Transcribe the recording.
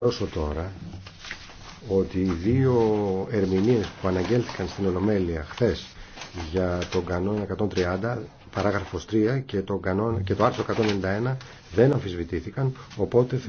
δώσω τώρα ότι οι δύο ερμηνείες που αναγγέλθηκαν στην Ολομέλεια χθες για τον κανόνα 130 παράγραφος 3 και το, κανόνα, και το άρθρο 191 δεν αμφισβητήθηκαν οπότε